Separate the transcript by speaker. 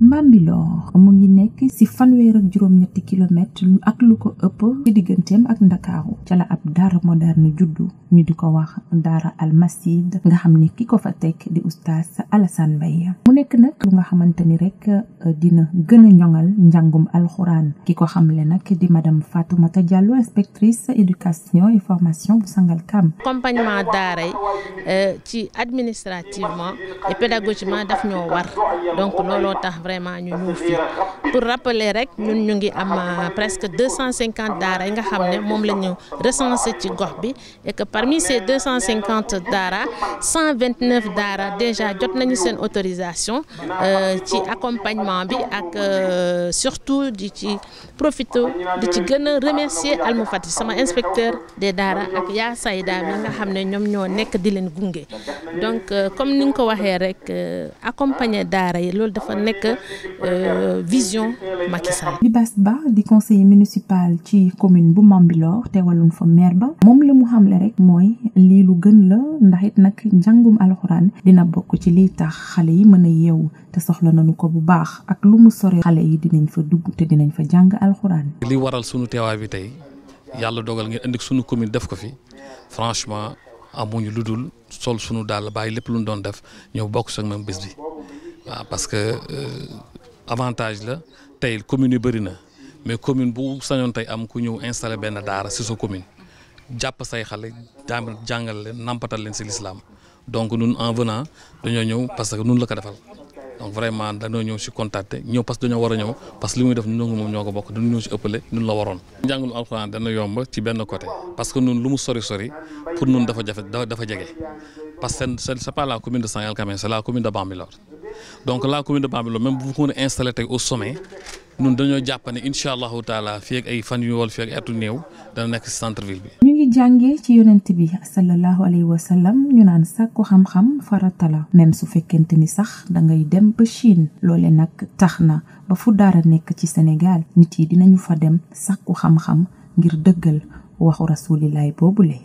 Speaker 1: Bambilor mu ngi nekk ci fanweer ak juróom-ñetti kilomètre ak lu ko ëpp ci digganteem ak Ndakaaru ca la ab daara moderne juddu ñu di ko wax daara almasid nga xam ne ki ko fa teg di oustaz Alassane Mbaye mu nekk nag lu nga xamante ni rek euh, dina gën a ñoŋal njàngum alxuraan ki ko xamle nag di madame Fatoumata Diallo inspectrice éducation et formation bu Sangalkam
Speaker 2: accompagnement daara yi euh, ci administrativement et pédagogiquement daf ñoo war donc looloo tax vraiment ñu ñëw fii pour rappeler rek ñun ñu ngi am euh, presque 250 daara yi nga xam ne moom la ñu recensé ci gox bi et que parmi ces 250 daara 129 daara déjà jot nañu seen autorisation euh, ci accompagnement bi ak euh, surtout di ci profité di ci gën a remercier Almufati sama inspecteur des daara ak yaa sayda mi nga xam ne ñoom ñoo nekk di leen gunge donc comme ni nga ko waxee rek accompagner daara yi loolu dafa nekk Euh, vision
Speaker 1: Macky Ba di conseiller municipal ci commune bu Bambilor teewaloon fa maire ba moom li mu xamle rek mooy lii lu gën la ndax it nag njàngum alxuraan dina bokk ci liy tax xale yi mën a yeewu te soxla nañu ko bu baax ak lu mu sore xale yi dinañ fa dugg te dinañ fa jàng alxuraan.
Speaker 3: li waral sunu teewaay bi tey yàlla dogal ngeen indi sunu commune def ko fi franchement amuñu lu dul sol sunu daal bàyyi lépp lu ñu doon def ñëw bokk sax même bés bi. waa parce que euh, avantage la tey commune yu bëri na mais commune bu sañoon tey am ku ñëw installé benn daara si sa commune jàpp say xale daam jàngal leen nampatal leen si lislaam donc nun en venant dañoo ñëw parce que nun la ko defal donc vraiment dañoo ñëw si contacter ñëw parce que dañoo war a ñëw parce que li muy def ñoo ngi moom ñoo ko bokk dañu ñëw si ëppale ñun la waroon. njàngul alxuraan dana yomb ci benn côté parce que nun lu mu sori pour nun dafa jafe dafa jege Parce que ce n'est pas la commune de saint Camin, c'est la commune de Bambilor. Donc la commune de Bambilor, même si vous installez au sommet, ñun dañoo jàpp ne incha allahu taala fii ak ay fan yu wol fii ak atu néew dana nekk centre ville bi.
Speaker 1: ñu ngi jàngee ci yonent bi sallallahu alayhi wa ñu naan sàkku xam-xam farata la su fekkente ni sax da ngay dem ba Chine loole nag tax na ba fu daara nekk ci Sénégal nit yi dinañu fa dem sàkku xam-xam ngir dëggal waxu rasulilaay boobule.